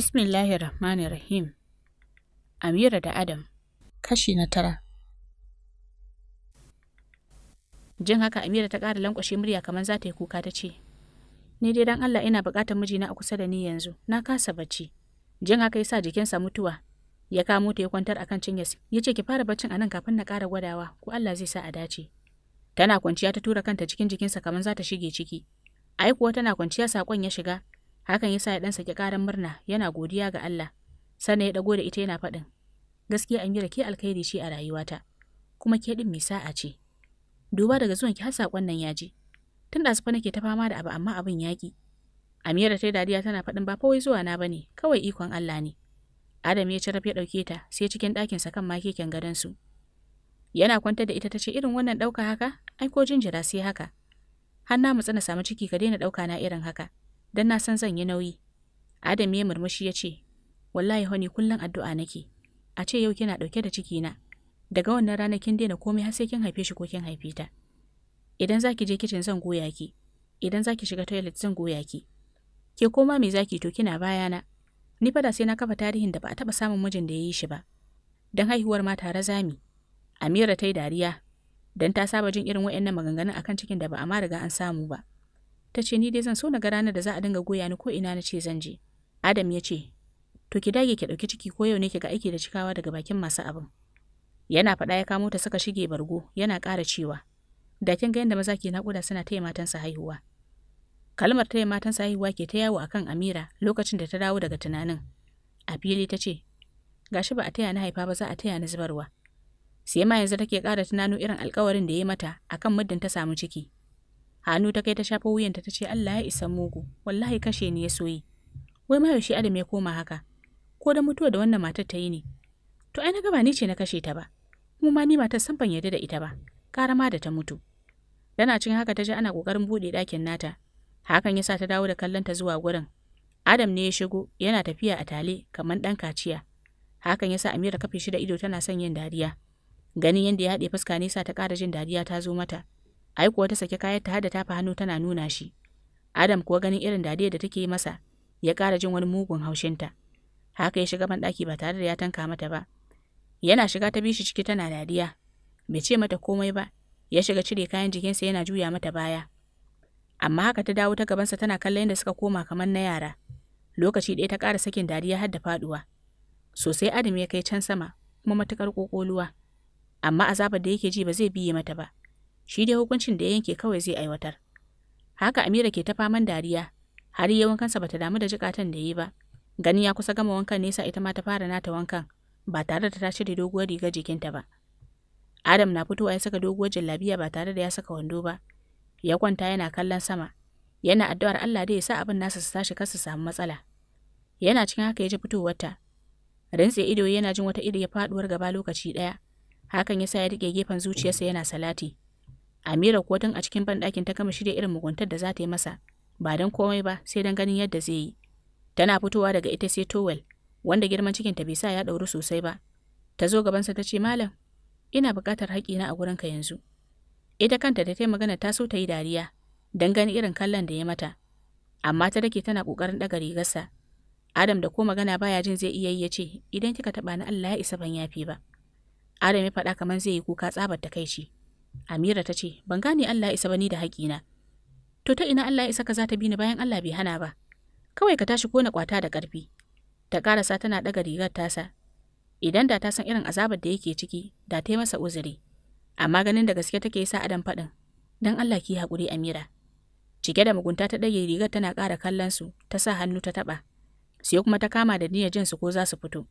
Bismillahir Rahmanir Rahim. Amira da Adam. Kashi na tara. Jin haka Amira ta ƙara lankwashe murya kamar za ta yi kuka ta ce, Ni dai dan Allah ina buƙatar mijina a kusa da ni yanzu, na kasa bacci. Jin haka ya sa jikinsa mutuwa, ya kamo ta ya kwantar a akan cinyarsa, ya ce ki fara baccin a nan kafin na ƙara gwadawa, ko Allah zai sa a dace. Tana kwanciya ta tura kanta cikin jikinsa kamar za ta shige ciki. Ai kuwa tana kwanciya saƙon ya shiga, hakan yasa ya dan saki karan murna yana godiya ga Allah sannan ya dago da ita yana faɗin gaskiya Amira ke alkhairi ce a rayuwata kuma ke din mai sa'a ce duba daga zuwan ki har sakon nan yaji tun da sufa nake ta fama da abu amma abin yaki Amira ta yi dariya tana faɗin ba fa wai zuwa na bane kawai ikon Allah ne Adam ya ci ya ɗauke ta sai cikin ɗakinsa kan ma keken gadon su. Yana kwantar da ita ta ce irin wannan ɗauka haka, ai ko jinjira sai haka. Har na mu tsana samu ciki ka daina ɗauka na irin haka. dan na san zan yi nauyi. Adam ya murmushi ya ce, Wallahi honi kullum addu'a nake, a ce yau kina ɗauke da ciki na, daga wannan rana kin daina komai har sai kin haife shi ko kin haife ta. Idan za ki je kicin zan goya ki, idan za ki shiga toilet zan goya ki. Ke koma mai zaki to kina bayana, ni fa sai na kafa tarihin da ba a taɓa samun mijin da ya yi shi ba. Don haihuwar ma tare zami, Amira ta yi dariya, dan ta saba jin irin wa'annan maganganun akan cikin da ba a ma riga an samu ba. ta ce ni dai zan so na ga ranar da za a dinga goya ni ko ina na ce zan je adam ya ce to ki dage ki ɗauki ciki ko yau ne ki ga aiki da cikawa daga bakin masu abin yana faɗa ya kamo ta saka shige bargo yana ƙara cewa da kin ga yadda maza ke naƙuda suna taya matansa haihuwa kalmar taya matansa haihuwa ke ta yawo akan amira lokacin da ta dawo daga tunanin a fili ta ce gashi ba a taya na haifa ba za a taya ni zubarwa sai ma yanzu take ƙara tunano irin alkawarin da ya mata akan muddin ta samu ciki Hannu ta kai ta shafa wuyanta ta ce Allah ya isa mugu, wallahi kashe ni ya soyi. Wai ma yaushe Adam ya koma haka? Ko da mutuwa da wannan matar ta yi ne? To ai na gaba ni ce na kashe ta ba. mu ma ni matar san ban yarda da ita ba. Kara ma da ta mutu. Tana cin haka ta ji ana kokarin buɗe ɗakin nata. Hakan ya sa ta dawo da kallonta zuwa gurin. Adam ne ya shigo yana tafiya a tale kamar ɗan kaciya. Hakan ya sa Amira kafe shi da ido tana son yin dariya. Ganin yadda ya haɗe fuska ne sa ta ƙara jin dariya ta zo mata. ai kuwa ta saki kayan ta hada tafa hannu tana nuna shi adam kuwa ganin irin dadiya da take masa ya ƙara jin wani mugun haushinta haka ya shiga banɗaki ba tare da ya tanka mata ba yana shiga ta bishi ciki tana dadiya bai ce mata komai ba ya shiga cire kayan jikinsa yana juya mata baya amma haka ta dawo ta gabansa tana kallon yadda suka koma kamar na yara lokaci ɗaya ta ƙara sakin dariya har da faɗuwa sosai adam ya kai can sama kuma matuƙar ƙoƙoluwa amma azabar da yake ji ba zai biye mata ba shi dai hukuncin da ya yanke kawai zai aiwatar. Haka Amira ke ta faman dariya, har yi wankansa bata damu da jikatan da yi ba. Gani ya kusa gama wankan nesa ita ma ta fara nata wankan, ba tare da ta cire doguwar riga jikinta ba. Adam na fitowa ya saka doguwar jallabiya ba tare da ya saka wando ba. Ya kwanta yana kallon sama, yana addu'ar Allah da ya sa abin nasa su tashi kar su samu matsala. Yana cikin haka ya ji fitowarta. Rintse ido yana jin wata iri ya faduwar gaba lokaci ɗaya. Hakan ya sa ya riƙe gefen zuciyarsa yana salati. Amira ko tun a cikin banɗakin ta kama shirya irin muguntar da za ta yi masa, ba don komai ba sai don ganin yadda zai yi. Tana fitowa daga ita sai towel, wanda girman cikin ta bai sa ya ɗauri sosai ba. Ta zo gabansa ta ce, Malam, ina buƙatar haƙina a gurinka yanzu. Ita kanta da ta yi magana ta so ta yi dariya, don ganin irin kallon da ya mata. Amma ta dake tana ƙoƙarin ɗaga rigarsa. Adam da ko magana baya jin zai iya yi ya ce, Idan kika taɓa ni Allah ya isa ban yafi ba. Adam ya faɗa kamar zai yi kuka tsabar takaici. Amira ta ce, Ban gane Allah isa ba ni da haƙina. To ta ina Allah isa ka za ta bi ni bayan Allah bai hana ba. Kawai ka tashi kona na kwata da ƙarfi. Ta ƙarasa tana ɗaga rigar tasa. Idan da ta san irin azabar da yake ciki, da ta yi masa uzuri. Amma ganin da gaske take sa adam faɗin. Dan Allah ki haƙuri Amira. Cike da mugunta ta ɗage rigar tana ƙara kallon su, ta sa hannu ta taɓa. Sai kuma ta kama da niyyar jin su ko za su fito.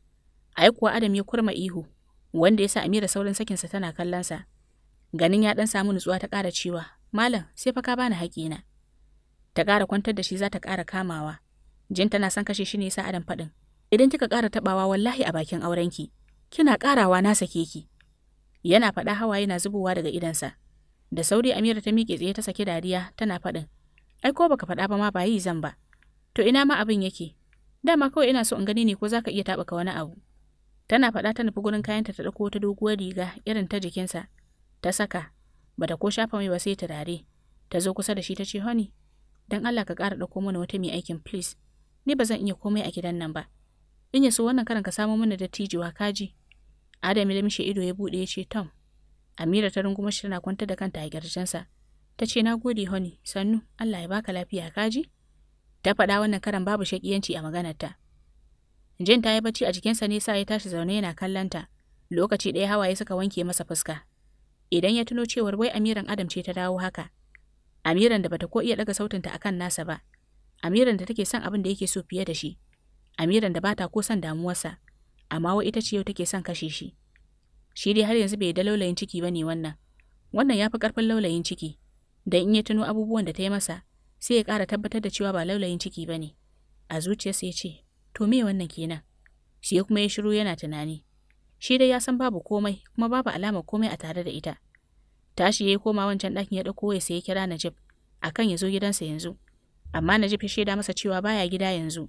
Ai kuwa Adam ya kurma ihu, wanda ya sa Amira saurin sakinsa tana kallon sa. Ganin ya ɗan samu nutsuwa ta ƙara cewa, Malam, sai fa ka bani na. Ta ƙara kwantar da shi za ta ƙara kamawa. Jin tana son kashe shi ne sa adam faɗin. Idan kika ƙara taɓawa wallahi a bakin aurenki. Kina ƙarawa na sake ki. Yana faɗa hawaye na zubowa daga idansa. Da sauri Amira ta miƙe tsaye ta sake dariya tana faɗin. Ai ko baka faɗa ba ma ba yi zan ba. To ina ma abin yake? Dama kawai ina so in gani ne ko zaka iya taɓuka wani abu. Tana faɗa ta nufi gurin kayanta ta ɗauko wata doguwar riga irin ta jikinsa ta saka bata ko shafa mai ba sai turare ta zo kusa da shi ta ce honey Don Allah ka ƙara ɗauko mana wata mai aikin please ni ba zan iya komai a gidan nan ba in ya so wannan karan ka samo mana a kaji Adam ya lamshe ido ya bude ya ce Tom Amira ta runguma shi tana kwantar da kanta a kirjinsa ta ce na gode honey sannu Allah ya baka lafiya kaji ta faɗa wannan karan babu shakiyanci a maganarta jin ta yi bacci a jikinsa ne sa ya tashi zaune yana kallanta lokaci ɗaya hawaye suka wanke masa fuska idan ya tuno cewar wai amiran Adam ce ta dawo haka. Amiran da bata ko iya daga sautinta akan nasa ba. Amiran da take son abin da yake so fiye da shi. Amiran da bata ko son damuwarsa, amma wai ita ce yau take son kashe shi. Shi dai har yanzu bai da laulayin ciki ba ne wannan. Wannan ya fi karfin laulayin ciki, don in ya tuno abubuwan da ta yi masa, sai ya kara tabbatar da cewa ba laulayin ciki ba ne. A zuciyarsa ya ce, to me wannan kenan? Sai kuma ya shiru yana tunani. shi dai ya san babu komai kuma babu alama komai a tare da ita tashi ya yi koma wancan ɗakin ya ɗauko sai ya kira Najib akan ya zo gidansa yanzu amma Najib ya shaida masa cewa baya gida yanzu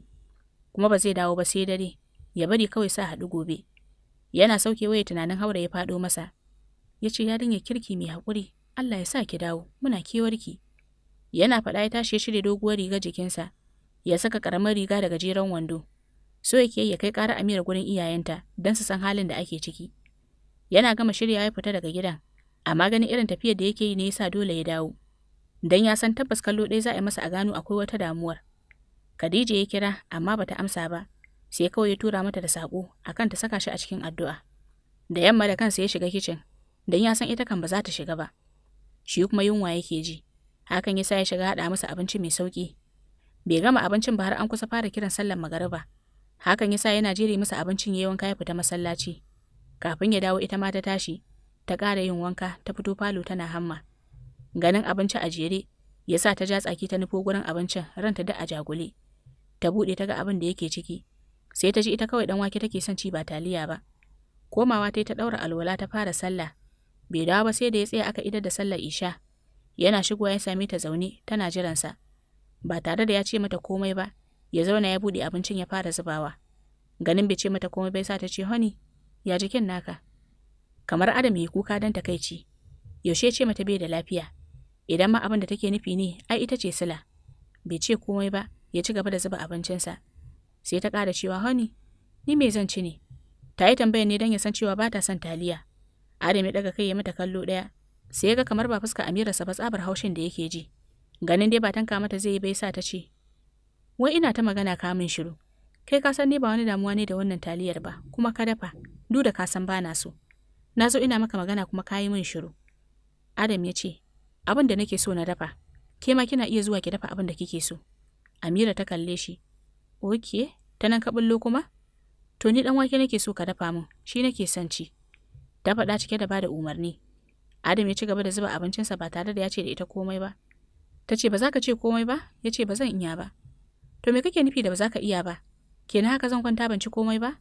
kuma ba zai dawo ba sai dare ya bari kawai sa haɗu gobe yana sauke waya tunanin haura ya faɗo masa ya ce ya danya kirki mai haƙuri Allah ya sa ki dawo muna kewarki yana faɗa ya tashi ya shirya doguwar riga jikinsa ya saka ƙaramar riga da gajeren wando so yake ya kai ƙara Amira gurin iyayenta don su san halin da ake ciki. Yana gama shirya ya fita daga gidan, amma ganin irin tafiyar da yake yi ne yasa dole ya dawo. Dan ya san tabbas kallo ɗaya za a yi masa a gano akwai wata damuwar. Khadija ya kira amma bata amsa ba, sai kawai ya tura mata da saƙo akan ta saka shi a cikin addu'a. Da yamma da kansa ya shiga kicin, dan ya san ita kan ba za ta shiga ba. Shi kuma yunwa yake ji, hakan ya sa ya shiga haɗa masa abinci mai sauƙi. Bai gama abincin ba har an kusa fara kiran sallar magariba. Hakan ya sa yana jere masa abincin yayin wanka ya fita masallaci. Kafin ya dawo ita ma ta tashi, ta ƙara yin wanka ta fito falo tana hamma. Ganin abinci a jere, ya sa ta ja tsaki ta nufo gurin abincin ranta da a jagule. Ta buɗe ta ga abin da yake ciki, sai ta ji ita kawai ɗan wake take son ci ba taliya ba. Komawa ta yi ta ɗaura alwala ta fara sallah. Bai dawo ba sai da ya tsaya aka idar da sallar isha. Yana shigowa ya same ta zaune tana jiransa. Ba tare da ya ce mata komai ba, ya zauna ya buɗe abincin ya fara zubawa ganin bai ce mata komai bai sa ta ce honi. ya jikin naka kamar adam ya kuka don takaici yaushe ce mata bai da lafiya idan ma abin da take nufi ne ai ita ce sila bai ce komai ba ya ci gaba da zuba abincinsa sai ta kara cewa honey ni mai zan ci ne ta yi tambayar ne don ya san cewa ba ta son taliya adam ya daga kai ya mata kallo ɗaya sai ya ga kamar ba fuska amirarsa ba tsabar haushin da yake ji ganin dai ba tanka mata zai yi bai sa ta ce wai ina ta magana ka min shiru kai ka san ni ba wani damuwa ne da wannan taliyar ba kuma ka dafa du da ka san bana so na zo ina maka magana kuma ka yi min shiru adam ya ce abin da nake so na dafa ke ma kina iya zuwa ki dafa abin da kike so amira ta kalle shi oke ta nan ka bullo kuma to ni dan wake nake so ka dafa min shi nake son ci ta faɗa cike da bada umarni adam ya ci gaba da zuba abincinsa ba tare da ya ce da ita komai ba ta ce ba za ka ce komai ba ya ce ba zan iya ba To me kake nufi da ba za ka iya ba? Kenan haka zan kwanta ban ci komai ba?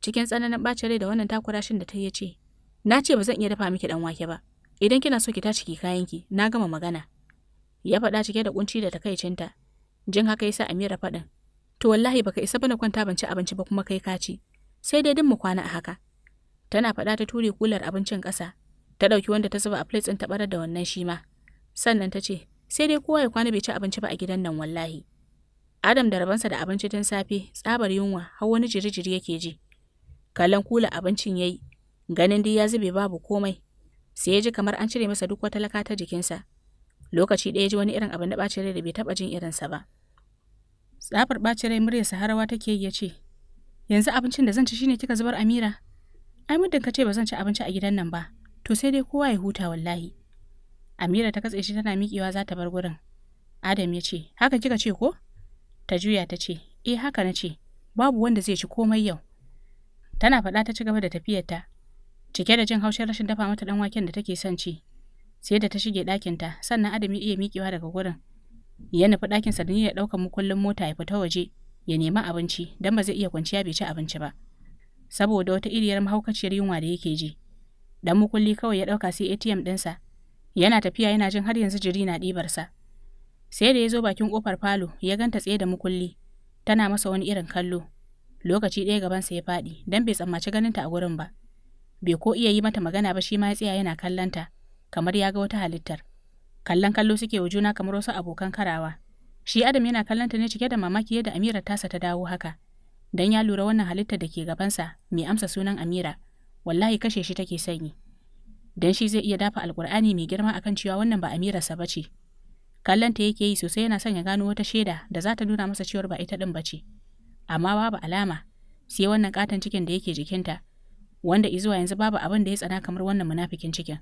Cikin tsananin ɓacin rai da wannan shin da ta yi ce, Na ce ba zan iya dafa miki dan wake ba. Idan kina so ki tashi ki kayan ki na gama magana. Ya faɗa cike da kunci da takaicinta. Jin haka yasa Amira faɗin. To wallahi baka isa bana kwanta ban ci abinci ba kuma kai ka ci. Sai dai din mu kwana a haka. Tana faɗa ta ture kular abincin ƙasa. Ta ɗauki wanda ta zuba a plate ɗin ta barar da wannan shi ma. Sannan ta ce, sai dai kowa ya kwana bai ci abinci ba a gidan nan wallahi. Adam da rabansa da abinci tun safe, tsabar yunwa, har wani jiri-jiri yake ji. Kallon kula abincin yayi, ganin dai ya zube babu komai. Sai ya ji kamar an cire masa duk wata laka ta jikinsa. Lokaci ɗaya ji wani irin abin da ɓacin rai da bai taɓa jin irinsa ba. Tsabar ɓacin rai muryarsa saharawa take yi ya ce, Yanzu abincin da zan ci shine kika zubar Amira. Ai muddin ka ce ba zan ci abinci a gidan nan ba, to sai dai kowa ya huta wallahi. Amira ta katse shi tana miƙewa za ta bar gurin. Adam ya ce, Haka kika ce ko? ta juya ta ce 'E, haka na ce babu wanda zai ci komai yau tana faɗa ta ci gaba da tafiyarta cike da jin haushin rashin dafa mata ɗanwaken waken da take son ci sai da ta shige ɗakinta sannan adam ya iya miƙewa daga gurin ya nufi ɗakin sa da ya ɗaukar mukullin mota ya fita waje ya nema abinci don ba zai iya kwanciya bai ci abinci ba saboda wata iriyar mahaukaciyar yunwa da yake ji dan mukulli kawai ya ɗauka sai ATM ɗinsa yana tafiya yana jin har yanzu jiri na ɗibarsa Sai da ya zo bakin kofar falo ya ganta tsaye da mukulli, tana masa wani irin kallo. Lokaci ɗaya gabansa ya faɗi don bai tsammaci ganinta a gurin ba. Bai ko iya yi mata magana ba shi ma ya tsaya yana kallonta, kamar ya ga wata halittar. Kallon kallo suke wa juna kamar wasu abokan karawa. Shi Adam yana kallonta ne cike da mamaki yadda Amira tasa ta dawo haka. Dan ya lura wannan halittar da ke gabansa mai amsa sunan Amira, wallahi kashe shi take sanyi. Dan shi zai iya dafa alkur'ani mai girma akan cewa wannan ba Amirarsa ba ce, kallon ta yake yi sosai yana son ya gano wata shaida da za ta nuna masa cewar ba ita din bace amma babu alama sai wannan katon cikin da yake jikinta wanda izuwa yanzu babu abin da ya tsana kamar wannan munafikin cikin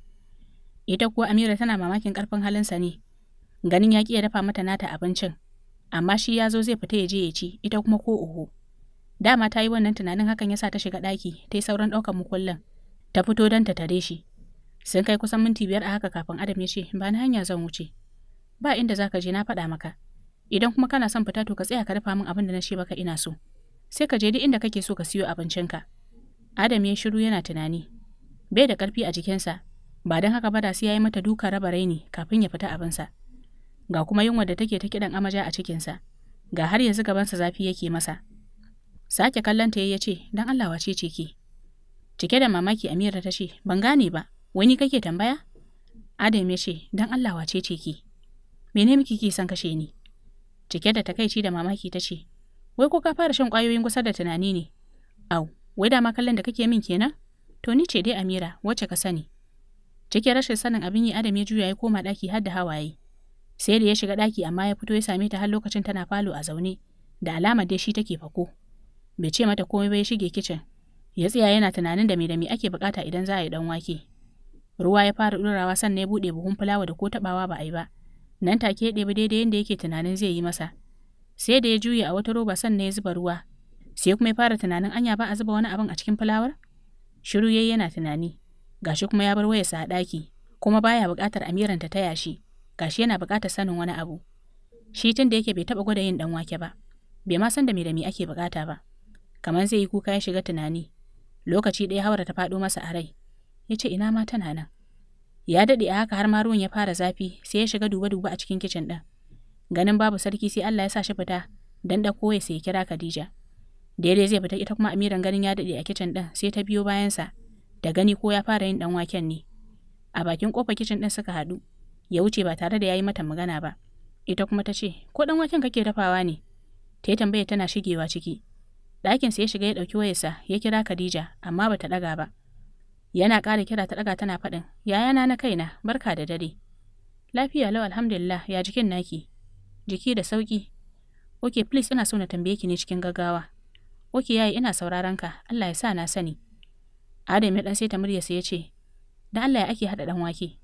ita kuwa Amira tana mamakin karfin halinsa ne ganin ya ya dafa mata nata abincin amma shi ya zo zai fita ya je ya ci ita kuma ko oho dama ta yi wannan tunanin hakan ya sa ta shiga ɗaki ta yi sauran ɗaukar mukullin ta fito don ta tare shi sun kai kusan minti biyar a haka kafin adam ya ce ba na hanya zan wuce ba inda za ka je na faɗa maka idan kuma kana son fita to ka tsaya ka dafa min abin da na ce ka ina so sai ka je duk inda kake so ka siyo abincinka adam ya shiru yana tunani bai da ƙarfi a jikinsa ba don haka Bada da sai ya yi mata duka raba raini kafin ya fita abinsa ga kuma yunwa da take ta kiɗan amaja a cikinsa ga har yanzu gabansa zafi yake masa sake kallon ta ya ce don Allah wace ce ki cike da mamaki Amira ta ce ban gane ba wani kake tambaya Adam ya ce don Allah wace ce ki mene miki ke son kashe ni cike da takaici da mamaki ta ce wai ko ka fara shan kwayoyin kusa da tunani ne au wai dama kallon da kake min kenan to ni ce dai amira wacce ka sani cike rashin sanin abin yi adam ya juya ya koma ɗaki har da hawaye sai da ya shiga daki amma ya fito ya same ta har lokacin tana falo a zaune da alama dai shi take fako bai ce mata komai ba ya shige kicin ya tsaya yana tunanin da me da me ake bukata idan za a yi dan wake ruwa ya fara durawa sannan ya buɗe buhun fulawa da ko taɓawa ba a yi ba nan take ya ɗebi daidai yadda yake tunanin zai yi masa sai da ya juye a wata roba sannan ya zuba ruwa sai kuma ya fara tunanin anya ba a zuba wani abin a cikin fulawar shiru yayi yana tunani gashi kuma ya bar wayarsa a ɗaki kuma baya buƙatar amiran ta taya shi gashi yana buƙatar sanin wani abu shi tun da yake bai taɓa gwada yin ɗan wake ba bai ma san da me da me ake buƙata ba kamar zai yi kuka ya shiga tunani lokaci ɗaya haura ta faɗo masa a rai ya ce ina ma tana nan Ya daɗe a haka har ma ruwan ya fara zafi sai ya shiga duba-duba a cikin kicin ɗin. Ganin babu sarki sai Allah ya sa shi fita dan ɗauko ya sai kira Khadija. Daidai zai fita ita kuma Amiran ganin ya daɗe a kicin ɗin sai ta biyo bayansa da gani ko ya fara yin ɗan waken ne. A bakin ƙofar kicin ɗin suka haɗu ya wuce ba tare da ya yi mata magana ba. Ita kuma ta ce, ko ɗan waken kake dafawa ne? Ta yi tambaya tana shigewa ciki. Ɗakinsa ya shiga ya ɗauki wayarsa ya kira Khadija amma ba ta ɗaga ba. Yana ƙara kira ta ɗaga tana faɗin, yayana na kaina, barka da dare. Lafiya lau alhamdulillah, ya jikin naki. Jiki da sauƙi. Oke, please ina so na tambaye ki ne cikin gaggawa. Oke yayi ina sauraron ka, Allah ya sa na sani. Adam ya ɗan sai ta muryarsa ya ce, Da Allah ya ake haɗa ɗan wake.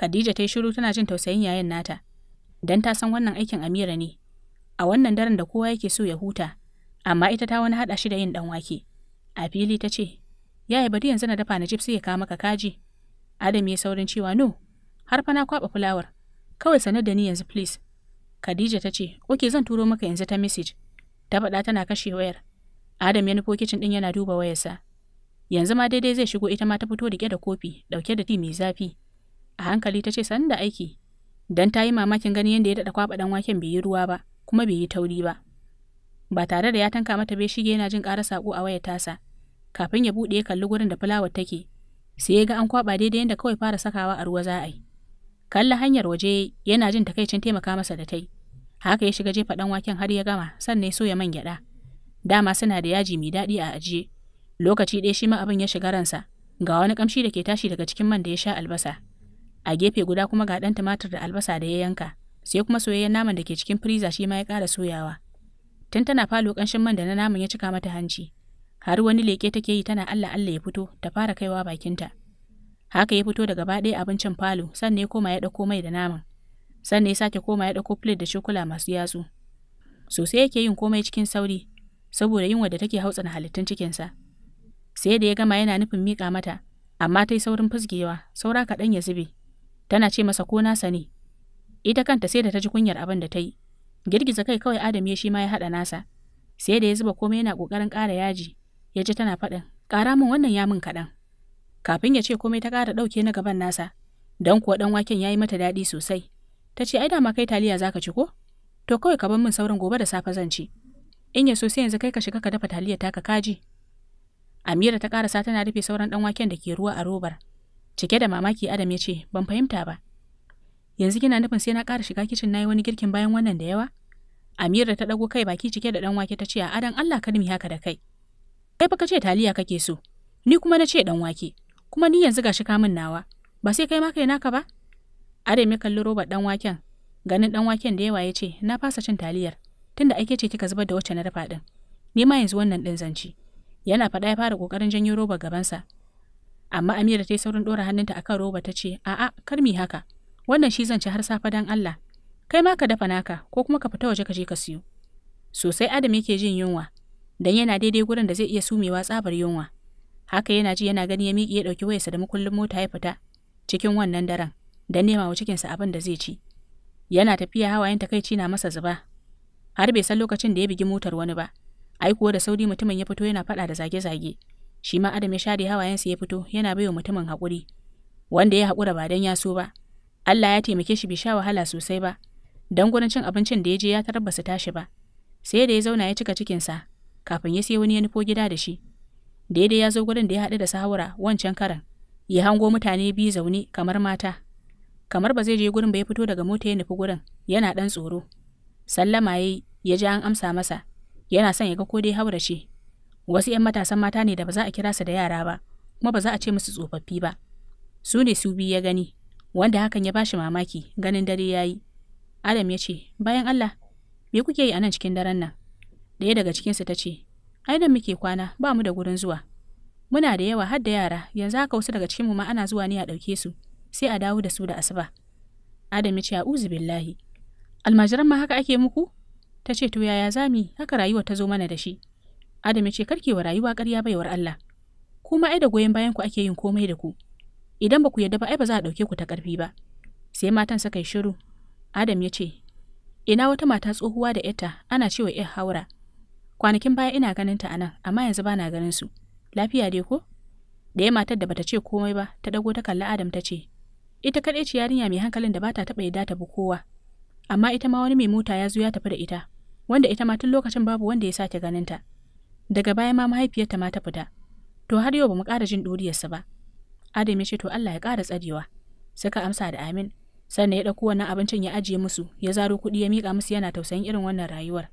Khadija ta yi shiru tana jin tausayin yayin nata. Dan ta san wannan aikin Amira ne. A wannan daren da kowa yake so ya huta, amma ita ta wani haɗa shi da yin ɗan wake. A fili ta ce, Ya yi bari yanzu na dafa na jibsi ya kawo maka kaji. Adam ya saurin cewa no, har fa na kwaba fulawar. Kawai sanar da ni yanzu please. Khadija ta ce, "Oke zan turo maka yanzu ta message." Ta faɗa tana kashe wayar. Adam ya nufo kicin ɗin yana duba wayarsa. Yanzu ma daidai zai shigo ita ma ta fito riƙe da kofi, ɗauke da ti mai zafi. A hankali ta ce sanin da aiki. Dan ta yi mamakin gani yadda ya daɗa kwaɓa ɗan waken bai yi ruwa ba, kuma bai yi tauri ba. Ba tare da ya tanka mata bai shige yana jin ƙara saƙo a wayar tasa. kafin ya buɗe ya kalli gurin da fulawar take sai ya ga an kwaba daidai yadda kawai fara sakawa a ruwa za a yi kalla hanyar waje yana jin takaicin taimaka masa da tai haka ya shiga jefa dan waken har ya gama sannan ya soya man gyaɗa. dama suna da yaji mai daɗi a ajiye lokaci ɗaya shima abin ya shiga ransa ga wani kamshi da ke tashi daga cikin man da ya sha albasa a gefe guda kuma ga ɗan tumatir da albasa da ya yanka sai kuma soyayyen naman da ke cikin firiza shi ma ya ƙara soyawa tun tana falo ƙanshin man da na naman ya cika mata hanci har wani leke take yi tana Allah Allah ya fito ta fara kaiwa bakinta. Haka ya fito daga gaba ɗaya abincin falo, sannan ya koma ya ɗauko mai da naman. Sannan ya sake koma ya ɗauko plate da cokula masu yatsu. Sosai yake yin komai cikin sauri, saboda yunwar da take hautsana halittun cikinsa. Sai da ya gama yana nufin miƙa mata, amma ta yi saurin fusgewa, saura kaɗan ya zube. Tana ce masa ko nasa ne. Ita kanta sai da ta ji kunyar abin da ta yi. Girgiza kai kawai Adam ya shi ma ya haɗa nasa. Sai da ya zuba komai yana ƙoƙarin ƙara yaji, ya ji tana faɗin ƙara min wannan ya min kaɗan kafin ya ce komai ta ƙara ɗauke na gaban nasa don kuwa ɗan waken ya yi mata daɗi sosai ta ce ai dama kai taliya za ka ci ko to kawai ka bar min sauran gobe da safe zan ci in ya so sai yanzu kai ka shiga ka dafa taliya taka kaji Amira ta ƙarasa tana rufe sauran ɗan waken da ke ruwa a robar cike da mamaki Adam ya ce ban fahimta ba yanzu kina nufin sai na ƙara shiga kicin na yi wani girkin bayan wannan da yawa Amira ta ɗago kai baki cike da ɗan wake ta ce a adan Allah kalmi haka da kai kai fa ka ce taliya kake so ni kuma na ce dan wake kuma ni yanzu gashi ka min nawa ba sai kai ma kai naka ba are me kalli robar dan waken ganin dan waken da yawa ya ce na fasa cin taliyar tunda ake ce kika zubar da wacce na dafa din ni ma yanzu wannan din zanci yana faɗa ya fara kokarin janyo robar gabansa amma Amira ta yi saurin ɗora hannunta akan roba ta ce a'a kar mi haka wannan shi zance har safa dan Allah kai ma ka dafa naka ko kuma ka fita waje ka je ka siyo sosai Adam yake jin yunwa dan yana daidai gurin da zai iya sumewa tsabar yunwa. Haka yana ji yana gani ya miƙe ya ɗauki wayarsa da makullin mota ya fita cikin wannan daren dan nema wa cikinsa abin da zai ci. Yana tafiya hawayen takaici na masa zuba. Har bai san lokacin da ya bugi motar wani ba. Ai kuwa da sauri mutumin ya fito yana faɗa da zage-zage. Shi ma Adam ya share hawayensa ya fito yana bai wa mutumin haƙuri. Wanda ya haƙura ba dan ya so ba. Allah ya taimake shi bai sha wahala sosai ba. Dan gurin cin abincin da ya je ya tarar su tashi ba. Sai da ya zauna ya cika cikinsa kafin ya sai wani ya nufo gida da shi. Daidai ya zo gurin da ya haɗu da sahura wancan karan, ya hango mutane biyu zaune kamar mata. Kamar ba zai je gurin ba ya fito daga mota ya nufi gurin, yana ɗan tsoro. Sallama ya yi, ya ji an amsa masa, yana son ya ga ko dai haura ce. Wasu 'yan matasan mata ne da ba za a kira su da yara ba, kuma ba za a ce musu tsofaffi ba. Su ne su biyu ya gani, wanda hakan ya ba shi mamaki ganin dare ya yi. Adam ya ce, Bayan Allah, me kuke yi a nan cikin daren nan? Daya daga cikinsu ta ce, Ai da muke kwana ba mu da gurin zuwa. Muna da yawa har da yara, yanzu haka wasu daga cikinmu ma ana zuwa ne a ɗauke su, sai a dawo da su da asuba. Adam ya ce, A'uzu billahi. Almajiran ma haka ake muku? Ta ce, To yaya zami, haka rayuwa ta zo mana da shi. Adam ya ce, Karkewa rayuwa ƙarya baiwar Allah. Kuma ai da goyon bayan ku ake yin komai da ku. Idan ba ku yarda ba ai ba za a ɗauke ku ta ƙarfi ba. Sai matan suka yi shiru. Adam ya ce, Ina wata mata tsohuwa da ita? ana cewa iya haura, Kwanakin baya ina ganin ta anan, amma yanzu bana ganin su. Lafiya dai ko? Da ya matar da bata ce komai ba, ta dago ta kalli Adam ta ce, Ita kaɗai ce yarinya mai hankalin da bata taɓa yadda ta bu kowa. Amma ita ma wani mai mota ya zo ya tafi da ita, wanda ita ma tun lokacin babu wanda ya sake ganin ta. Daga baya ma mahaifiyarta ma ta fita. To har yau bamu ƙara jin ɗuriyarsa ba. Adam ya ce to Allah ya ƙara tsarewa. Suka amsa da amin. Sannan ya ɗauko wannan abincin ya ajiye musu, ya zaro kuɗi ya mika musu yana tausayin irin wannan rayuwar.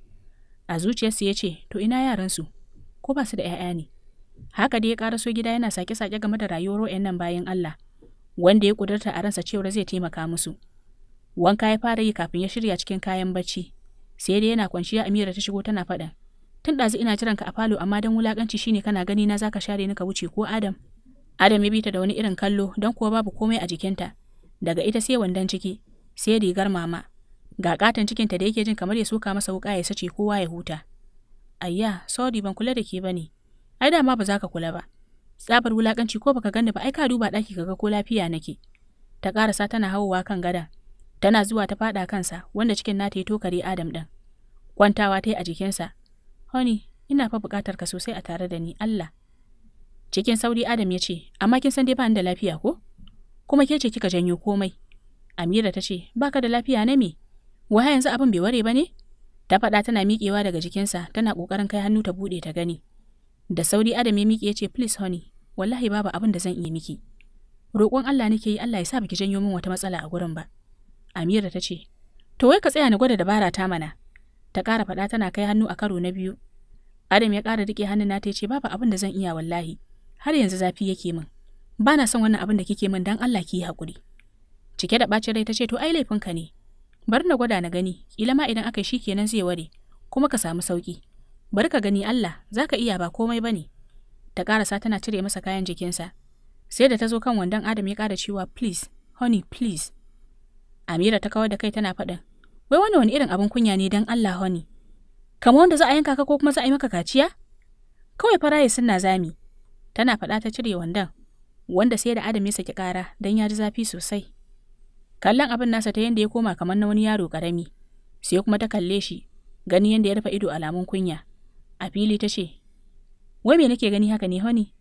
A zuciyarsu ya ce, To ina yaransu, ko ba su da ‘ya'ya ne? Haka dai ya so gida yana sake-sake game da rayuwar ro'yan nan bayan Allah, wanda ya kudurta a ransa cewar zai taimaka musu. Wanka ya fara yi kafin ya shirya cikin kayan bacci, sai dai yana kwanciya Amira ta shigo tana faɗa. Tun ɗazu ina jiran ka a falo amma don wulaƙanci shine kana gani na zaka share ni ka wuce ko Adam. Adam ya bi ta da wani irin kallo don kuwa babu komai a jikinta. Daga ita sai wandon ciki, sai rigar mama. ga katon cikinta da yake jin kamar ya soka masa wuka ya sace kowa ya huta ayya sorry ban kula da ke bane ai da ma ba za ka kula ba tsabar wulakanci ko baka gani ba ai ka duba daki kaga ko lafiya nake ta karasa tana hawowa kan gada tana zuwa ta fada kansa wanda cikin nata ya tokare Adam din kwantawa ta yi a jikinsa honey ina fa bukatar ka sosai a tare da ni Allah cikin sauri Adam ya ce amma kin san dai ba ni da lafiya ko kuma ke ce kika janyo komai Amira ta ce baka da lafiya ne me Wa yanzu abin bai ware ba ne? Ta faɗa tana miƙewa daga jikinsa tana ƙoƙarin kai hannu ta buɗe ta gani. Da sauri Adam ya miƙe ya ce please honey wallahi babu abin da zan iya miki. Roƙon Allah nake yi Allah ya sa ki janyo min wata matsala a gurin ba. Amira ta ce to wai ka tsaya ni gwada dabara ta mana. Ta ƙara faɗa tana kai hannu a karo na biyu. Adam ya ƙara riƙe hannun nata ya ce babu abin da zan iya wallahi har yanzu zafi yake min. Ba na son wannan abin da kike min dan Allah ki yi haƙuri. Cike da ɓacin rai ta ce to ai laifinka ne bar na gwada na gani kila ma idan aka shi kenan zai ware kuma ka samu sauki bari ka gani Allah zaka iya ba komai bane ta karasa tana cire masa kayan jikinsa sai da ta zo kan wandon Adam ya kara cewa please honey please Amira ta kawar da kai tana faɗin wai wani wani irin abin kunya ne dan Allah honey kamar wanda za a yanka ka ko kuma za a yi maka kaciya kawai faraye suna zami tana faɗa ta cire wandon wanda sai da Adam ya saki kara dan ya ji zafi sosai kallon abin nasa ta yadda ya koma kamar na wani yaro karami sai kuma ta kalle shi gani yadda ya rufe ido alamun kunya a fili ta ce wai me nake gani haka ne honi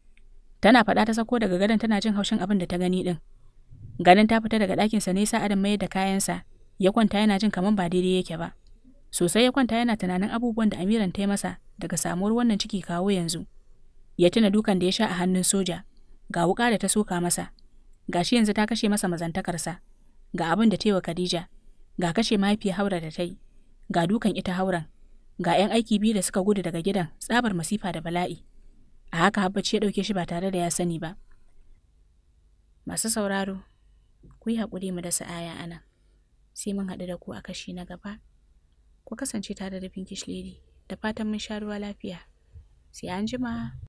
tana faɗa ta sako daga gadon tana jin haushin abin da ta gani ɗin. ganin ta fita daga ɗakinsa ne sa adam mayar da kayansa ya kwanta yana jin kamar ba daidai yake ba sosai ya kwanta yana tunanin abubuwan da amiran ta yi masa daga samuwar wannan ciki kawo yanzu ya tuna dukan da ya sha a hannun soja ga wuka da ta soka masa gashi yanzu ta kashe masa mazantakarsa ga abin da ta yi wa Khadija, ga kashe mafi haura da ta yi, ga dukan ita hauran, ga 'yan aiki biyu da suka gudu daga gidan tsabar masifa da bala'i. A haka habbaci ya ɗauke shi ba tare da ya sani ba. Masu sauraro, ku yi haƙuri mu da sa'aya ana, sai mun haɗu da ku a kashi na gaba. Ku kasance tare da Pinkish Lady, da fatan mun sha ruwa lafiya. Sai an jima.